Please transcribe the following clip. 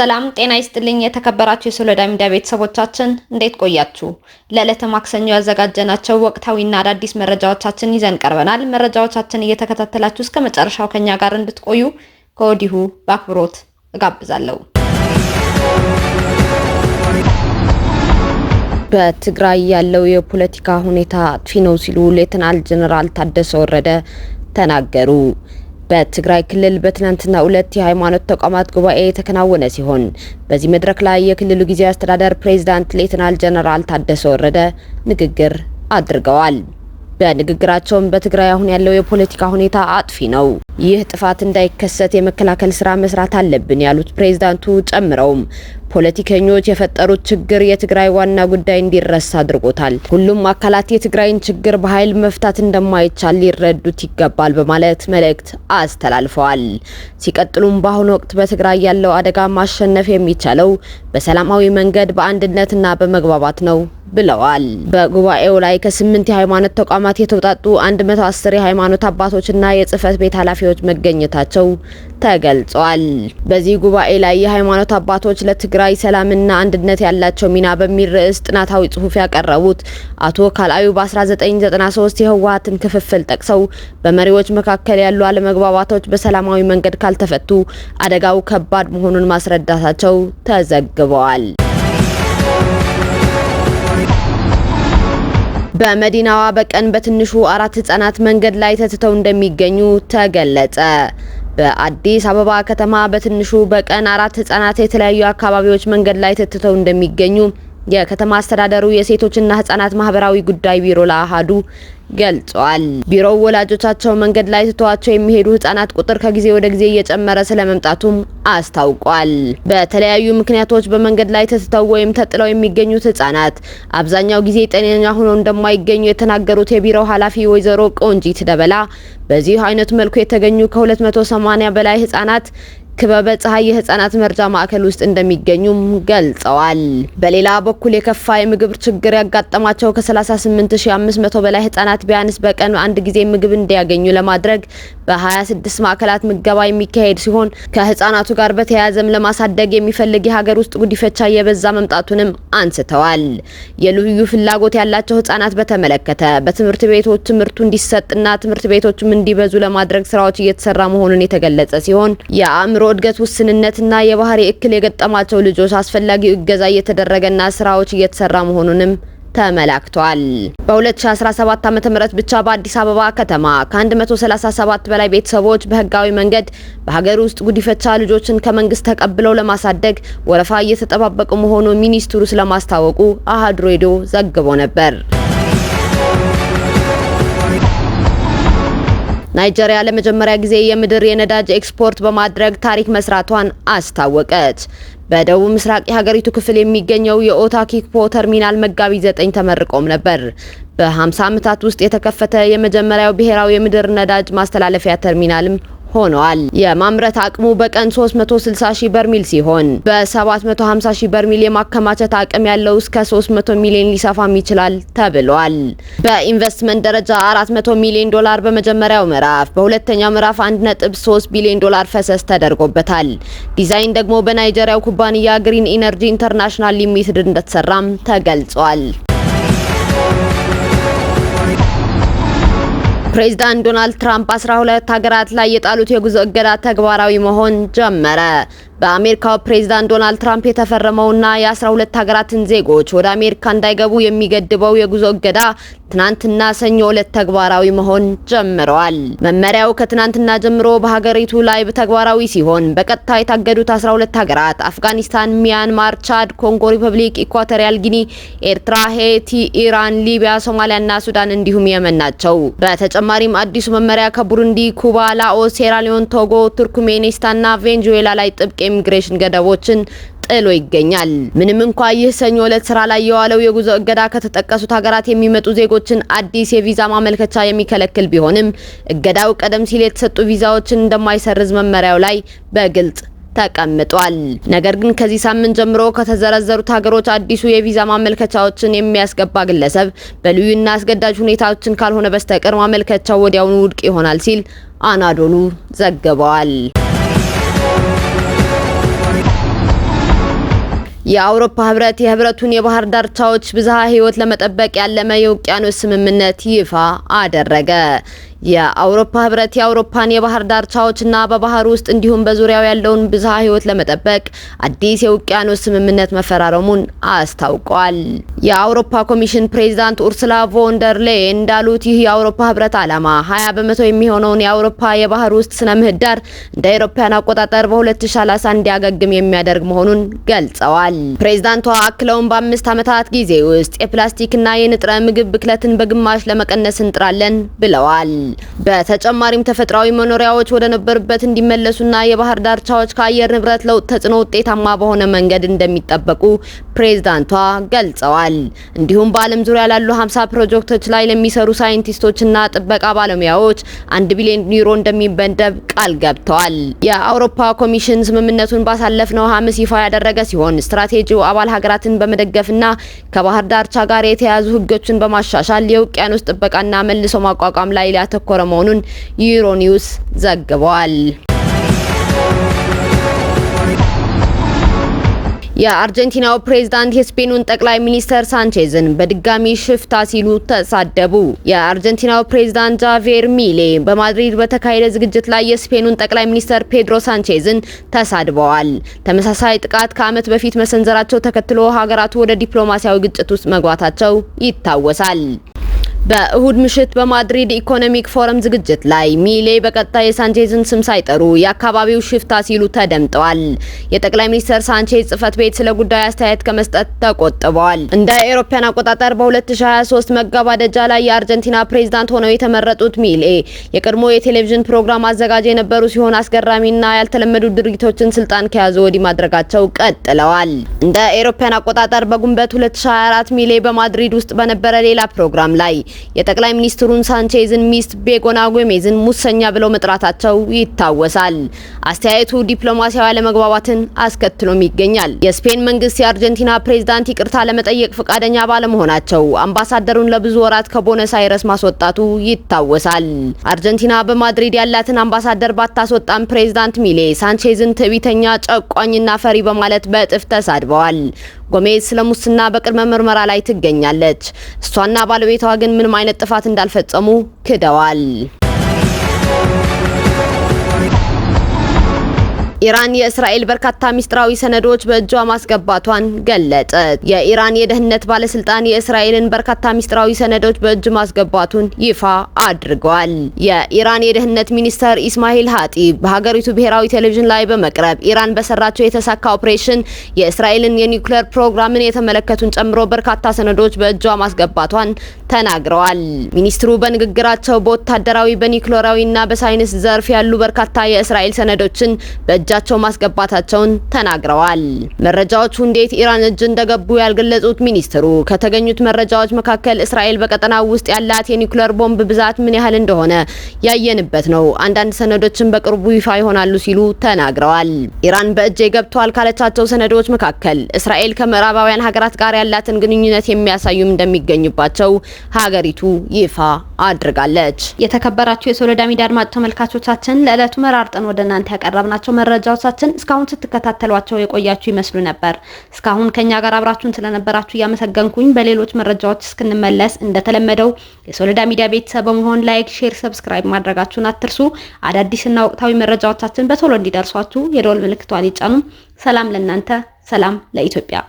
ሰላም ጤና ይስጥልኝ። የተከበራችሁ የሶሎዳ ሚዲያ ቤተሰቦቻችን እንዴት ቆያችሁ? ለዕለተ ማክሰኞ ያዘጋጀናቸው ወቅታዊና አዳዲስ መረጃዎቻችን ይዘን ቀርበናል። መረጃዎቻችን እየተከታተላችሁ እስከ መጨረሻው ከኛ ጋር እንድትቆዩ ከወዲሁ በአክብሮት እጋብዛለሁ። በትግራይ ያለው የፖለቲካ ሁኔታ አጥፊ ነው ሲሉ ሌተናል ጀነራል ታደሰ ወረደ ተናገሩ። በትግራይ ክልል በትናንትና ሁለት የሃይማኖት ተቋማት ጉባኤ የተከናወነ ሲሆን በዚህ መድረክ ላይ የክልሉ ጊዜያዊ አስተዳደር ፕሬዚዳንት ሌትናል ጀነራል ታደሰ ወረደ ንግግር አድርገዋል። በንግግራቸውም በትግራይ አሁን ያለው የፖለቲካ ሁኔታ አጥፊ ነው፣ ይህ ጥፋት እንዳይከሰት የመከላከል ስራ መስራት አለብን ያሉት ፕሬዚዳንቱ ጨምረውም ፖለቲከኞች የፈጠሩት ችግር የትግራይ ዋና ጉዳይ እንዲረሳ አድርጎታል። ሁሉም አካላት የትግራይን ችግር በኃይል መፍታት እንደማይቻል ሊረዱት ይገባል በማለት መልእክት አስተላልፈዋል። ሲቀጥሉም በአሁኑ ወቅት በትግራይ ያለው አደጋ ማሸነፍ የሚቻለው በሰላማዊ መንገድ በአንድነትና በመግባባት ነው ብለዋል። በጉባኤው ላይ ከስምንት የሃይማኖት ተቋማት የተውጣጡ 110 የሃይማኖት አባቶችና የጽህፈት ቤት ኃላፊዎች መገኘታቸው ተገልጿል። በዚህ ጉባኤ ላይ የሃይማኖት አባቶች ለትግራ ትግራይ ሰላምና አንድነት ያላቸው ሚና በሚል ርዕስ ጥናታዊ ጽሁፍ ያቀረቡት አቶ ካልአዩ በ1993 የህወሀትን ክፍፍል ጠቅሰው በመሪዎች መካከል ያሉ አለመግባባቶች በሰላማዊ መንገድ ካልተፈቱ አደጋው ከባድ መሆኑን ማስረዳታቸው ተዘግበዋል። በመዲናዋ በቀን በትንሹ አራት ህጻናት መንገድ ላይ ተትተው እንደሚገኙ ተገለጸ። በአዲስ አበባ ከተማ በትንሹ በቀን አራት ህጻናት የተለያዩ አካባቢዎች መንገድ ላይ ተትተው እንደሚገኙ የከተማ አስተዳደሩ የሴቶችና ህጻናት ማህበራዊ ጉዳይ ቢሮ ለአሃዱ ገልጿል። ቢሮው ወላጆቻቸው መንገድ ላይ ትተዋቸው የሚሄዱ ህጻናት ቁጥር ከጊዜ ወደ ጊዜ እየጨመረ ስለመምጣቱም አስታውቋል። በተለያዩ ምክንያቶች በመንገድ ላይ ተስተው ወይም ተጥለው የሚገኙት ህጻናት አብዛኛው ጊዜ ጤነኛ ሆነው እንደማይገኙ የተናገሩት የቢሮው ኃላፊ ወይዘሮ ቆንጂት ደበላ በዚህ አይነት መልኩ የተገኙ ከ280 በላይ ህጻናት ክበበ ፀሐይ የህፃናት መርጃ ማዕከል ውስጥ እንደሚገኙም ገልጸዋል። በሌላ በኩል የከፋ የምግብ ችግር ያጋጠማቸው ከ38500 በላይ ህፃናት ቢያንስ በቀን አንድ ጊዜ ምግብ እንዲያገኙ ለማድረግ በ26 ማዕከላት ምገባ የሚካሄድ ሲሆን ከህፃናቱ ጋር በተያያዘም ለማሳደግ የሚፈልግ የሀገር ውስጥ ጉዲፈቻ እየበዛ መምጣቱንም አንስተዋል። የልዩ ፍላጎት ያላቸው ህፃናት በተመለከተ በትምህርት ቤቶች ትምህርቱ እንዲሰጥና ትምህርት ቤቶችም እንዲበዙ ለማድረግ ስራዎች እየተሰራ መሆኑን የተገለጸ ሲሆን የአእምሮ የአእምሮ እድገት ውስንነትና የባህሪ እክል የገጠማቸው ልጆች አስፈላጊው እገዛ እየተደረገና ስራዎች እየተሰራ መሆኑንም ተመላክቷል። በ2017 ም ብቻ በአዲስ አበባ ከተማ ከ137 በላይ ቤተሰቦች በህጋዊ መንገድ በሀገር ውስጥ ጉዲፈቻ ልጆችን ከመንግስት ተቀብለው ለማሳደግ ወረፋ እየተጠባበቁ መሆኑ ሚኒስትሩ ስለማስታወቁ አሃድ ሬዲዮ ዘግቦ ነበር። ናይጄሪያ ለመጀመሪያ ጊዜ የምድር የነዳጅ ኤክስፖርት በማድረግ ታሪክ መስራቷን አስታወቀች። በደቡብ ምስራቅ የሀገሪቱ ክፍል የሚገኘው የኦታኪክፖ ተርሚናል መጋቢት 9 ተመርቆም ነበር። በ50 ዓመታት ውስጥ የተከፈተ የመጀመሪያው ብሔራዊ የምድር ነዳጅ ማስተላለፊያ ተርሚናልም ሆኗል። የማምረት አቅሙ በቀን 360 ሺህ በርሚል ሲሆን በ750 ሺህ በርሚል የማከማቸት አቅም ያለው እስከ 300 ሚሊዮን ሊሰፋም ይችላል ተብሏል። በኢንቨስትመንት ደረጃ 400 ሚሊዮን ዶላር በመጀመሪያው ምዕራፍ፣ በሁለተኛው ምዕራፍ 1.3 ቢሊዮን ዶላር ፈሰስ ተደርጎበታል። ዲዛይን ደግሞ በናይጄሪያው ኩባንያ ግሪን ኢነርጂ ኢንተርናሽናል ሊሚትድ እንደተሰራም ተገልጿል። ፕሬዚዳንት ዶናልድ ትራምፕ አስራ ሁለት ሀገራት ላይ የጣሉት የጉዞ እገዳ ተግባራዊ መሆን ጀመረ። በአሜሪካው ፕሬዚዳንት ዶናልድ ትራምፕ የተፈረመውና የአስራ ሁለት ሀገራትን ዜጎች ወደ አሜሪካ እንዳይገቡ የሚገድበው የጉዞ እገዳ ትናንትና ሰኞ ዕለት ተግባራዊ መሆን ጀምረዋል። መመሪያው ከትናንትና ጀምሮ በሀገሪቱ ላይ ተግባራዊ ሲሆን በቀጥታ የታገዱት አስራ ሁለት ሀገራት አፍጋኒስታን፣ ሚያንማር፣ ቻድ፣ ኮንጎ ሪፐብሊክ፣ ኢኳቶሪያል ጊኒ፣ ኤርትራ፣ ሄቲ፣ ኢራን፣ ሊቢያ፣ ሶማሊያና ሱዳን እንዲሁም የመን ናቸው። በተጨማሪም አዲሱ መመሪያ ከቡሩንዲ፣ ኩባ፣ ላኦስ፣ ሴራሊዮን፣ ቶጎ፣ እና ቬንዙዌላ ላይ ጥብቅ የኢሚግሬሽን ገደቦችን ጥሎ ይገኛል። ምንም እንኳ ይህ ሰኞ 2ለት ስራ ላይ የዋለው የጉዞ እገዳ ከተጠቀሱት ሀገራት የሚመጡ ዜጎችን አዲስ የቪዛ ማመልከቻ የሚከለክል ቢሆንም እገዳው ቀደም ሲል የተሰጡ ቪዛዎችን እንደማይሰርዝ መመሪያው ላይ በግልጽ ተቀምጧል። ነገር ግን ከዚህ ሳምንት ጀምሮ ከተዘረዘሩት ሀገሮች አዲሱ የቪዛ ማመልከቻዎችን የሚያስገባ ግለሰብ በልዩና አስገዳጅ ሁኔታዎችን ካልሆነ በስተቀር ማመልከቻው ወዲያውኑ ውድቅ ይሆናል ሲል አናዶሉ ዘግበዋል። የአውሮፓ ህብረት የህብረቱን የባህር ዳርቻዎች ብዝሃ ህይወት ለመጠበቅ ያለመ የውቅያኖስ ስምምነት ይፋ አደረገ። የአውሮፓ ህብረት የአውሮፓን የባህር ዳርቻዎችና በባህር ውስጥ እንዲሁም በዙሪያው ያለውን ብዝሀ ህይወት ለመጠበቅ አዲስ የውቅያኖስ ስምምነት መፈራረሙን አስታውቋል። የአውሮፓ ኮሚሽን ፕሬዚዳንት ኡርሱላ ቮንደር እንዳሉት ይህ የአውሮፓ ህብረት ዓላማ 20 በመቶ የሚሆነውን የአውሮፓ የባህር ውስጥ ስነ ምህዳር እንደ አውሮፓውያን አቆጣጠር በ2030 እንዲያገግም የሚያደርግ መሆኑን ገልጸዋል። ፕሬዚዳንቷ አክለውን በአምስት ዓመታት ጊዜ ውስጥ የፕላስቲክና የንጥረ ምግብ ብክለትን በግማሽ ለመቀነስ እንጥራለን ብለዋል። በተጨማሪም ተፈጥሯዊ መኖሪያዎች ወደ ነበሩበት እንዲመለሱና የባህር ዳርቻዎች ከአየር ንብረት ለውጥ ተጽዕኖ ውጤታማ በሆነ መንገድ እንደሚጠበቁ ፕሬዝዳንቷ ገልጸዋል። እንዲሁም በዓለም ዙሪያ ላሉ 50 ፕሮጀክቶች ላይ ለሚሰሩ ሳይንቲስቶችና ጥበቃ ባለሙያዎች አንድ ቢሊዮን ዩሮ እንደሚመደብ ቃል ገብተዋል። የአውሮፓ ኮሚሽን ስምምነቱን ባሳለፍነው ሐሙስ ይፋ ያደረገ ሲሆን ስትራቴጂው አባል ሀገራትን በመደገፍና ከባህር ዳርቻ ጋር የተያያዙ ህጎችን በማሻሻል የውቅያኖስ ጥበቃና መልሶ ማቋቋም ላይ ሊያተኩ ያተኮረ መሆኑን ዩሮኒውስ ዘግቧል። የአርጀንቲናው ፕሬዝዳንት የስፔኑን ጠቅላይ ሚኒስተር ሳንቼዝን በድጋሚ ሽፍታ ሲሉ ተሳደቡ። የአርጀንቲናው ፕሬዝዳንት ጃቬር ሚሌ በማድሪድ በተካሄደ ዝግጅት ላይ የስፔኑን ጠቅላይ ሚኒስተር ፔድሮ ሳንቼዝን ተሳድበዋል። ተመሳሳይ ጥቃት ከዓመት በፊት መሰንዘራቸው ተከትሎ ሀገራቱ ወደ ዲፕሎማሲያዊ ግጭት ውስጥ መግባታቸው ይታወሳል። በእሁድ ምሽት በማድሪድ ኢኮኖሚክ ፎረም ዝግጅት ላይ ሚሌ በቀጣይ የሳንቼዝን ስም ሳይጠሩ የአካባቢው ሽፍታ ሲሉ ተደምጠዋል። የጠቅላይ ሚኒስትር ሳንቼዝ ጽህፈት ቤት ስለ ጉዳዩ አስተያየት ከመስጠት ተቆጥበዋል። እንደ አውሮፓውያን አቆጣጠር በ2023 መገባደጃ ላይ የአርጀንቲና ፕሬዝዳንት ሆነው የተመረጡት ሚሌ የቀድሞ የቴሌቪዥን ፕሮግራም አዘጋጅ የነበሩ ሲሆን አስገራሚና ያልተለመዱ ድርጊቶችን ስልጣን ከያዙ ወዲህ ማድረጋቸው ቀጥለዋል። እንደ አውሮፓውያን አቆጣጠር በጉንበት 2024 ሚሌ በማድሪድ ውስጥ በነበረ ሌላ ፕሮግራም ላይ የጠቅላይ ሚኒስትሩን ሳንቼዝን ሚስት ቤጎና ጎሜዝን ሙሰኛ ብለው መጥራታቸው ይታወሳል። አስተያየቱ ዲፕሎማሲያዊ አለመግባባትን አስከትሎም ይገኛል። የስፔን መንግስት የአርጀንቲና ፕሬዝዳንት ይቅርታ ለመጠየቅ ፈቃደኛ ባለመሆናቸው አምባሳደሩን ለብዙ ወራት ከቦነስ አይረስ ማስወጣቱ ይታወሳል። አርጀንቲና በማድሪድ ያላትን አምባሳደር ባታስወጣም ፕሬዝዳንት ሚሌ ሳንቼዝን ትዕቢተኛ፣ ጨቋኝና ፈሪ በማለት በእጥፍ ተሳድበዋል። ጎሜዝ ስለ ሙስና በቅድመ ምርመራ ላይ ትገኛለች። እሷና ባለቤቷ ግን ምንም አይነት ጥፋት እንዳልፈጸሙ ክደዋል። ኢራን የእስራኤል በርካታ ሚስጥራዊ ሰነዶች በእጇ ማስገባቷን ገለጸ። የኢራን የደህንነት ባለስልጣን የእስራኤልን በርካታ ሚስጥራዊ ሰነዶች በእጅ ማስገባቱን ይፋ አድርጓል። የኢራን የደህንነት ሚኒስተር ኢስማኤል ሀጢ በሀገሪቱ ብሔራዊ ቴሌቪዥን ላይ በመቅረብ ኢራን በሰራቸው የተሳካ ኦፕሬሽን የእስራኤልን የኒውክሌር ፕሮግራምን የተመለከቱን ጨምሮ በርካታ ሰነዶች በእጇ ማስገባቷን ተናግረዋል። ሚኒስትሩ በንግግራቸው በወታደራዊ በኒውክሌራዊና በሳይንስ ዘርፍ ያሉ በርካታ የእስራኤል ሰነዶችን በእጃቸው ማስገባታቸውን ተናግረዋል። መረጃዎቹ እንዴት ኢራን እጅ እንደገቡ ያልገለጹት ሚኒስትሩ ከተገኙት መረጃዎች መካከል እስራኤል በቀጠናው ውስጥ ያላት የኒውክሌር ቦምብ ብዛት ምን ያህል እንደሆነ ያየንበት ነው፣ አንዳንድ ሰነዶችን በቅርቡ ይፋ ይሆናሉ ሲሉ ተናግረዋል። ኢራን በእጄ ገብተዋል ካለቻቸው ሰነዶች መካከል እስራኤል ከምዕራባውያን ሀገራት ጋር ያላትን ግንኙነት የሚያሳዩም እንደሚገኙባቸው ሀገሪቱ ይፋ አድርጋለች። የተከበራችሁ የሶሎዳ ሚዲያ አድማጭ ተመልካቾቻችን ለዕለቱ መራርጠን ወደ እናንተ ያቀረብናቸው መረጃዎቻችን እስካሁን ስትከታተሏቸው የቆያችሁ ይመስሉ ነበር። እስካሁን ከኛ ጋር አብራችሁን ስለነበራችሁ እያመሰገንኩኝ በሌሎች መረጃዎች እስክንመለስ እንደተለመደው የሶሎዳ ሚዲያ ቤተሰብ በመሆን ላይክ፣ ሼር፣ ሰብስክራይብ ማድረጋችሁን አትርሱ። አዳዲስና ወቅታዊ መረጃዎቻችን በቶሎ እንዲደርሷችሁ የደወል ምልክቷን ይጫኑ። ሰላም ለእናንተ፣ ሰላም ለኢትዮጵያ።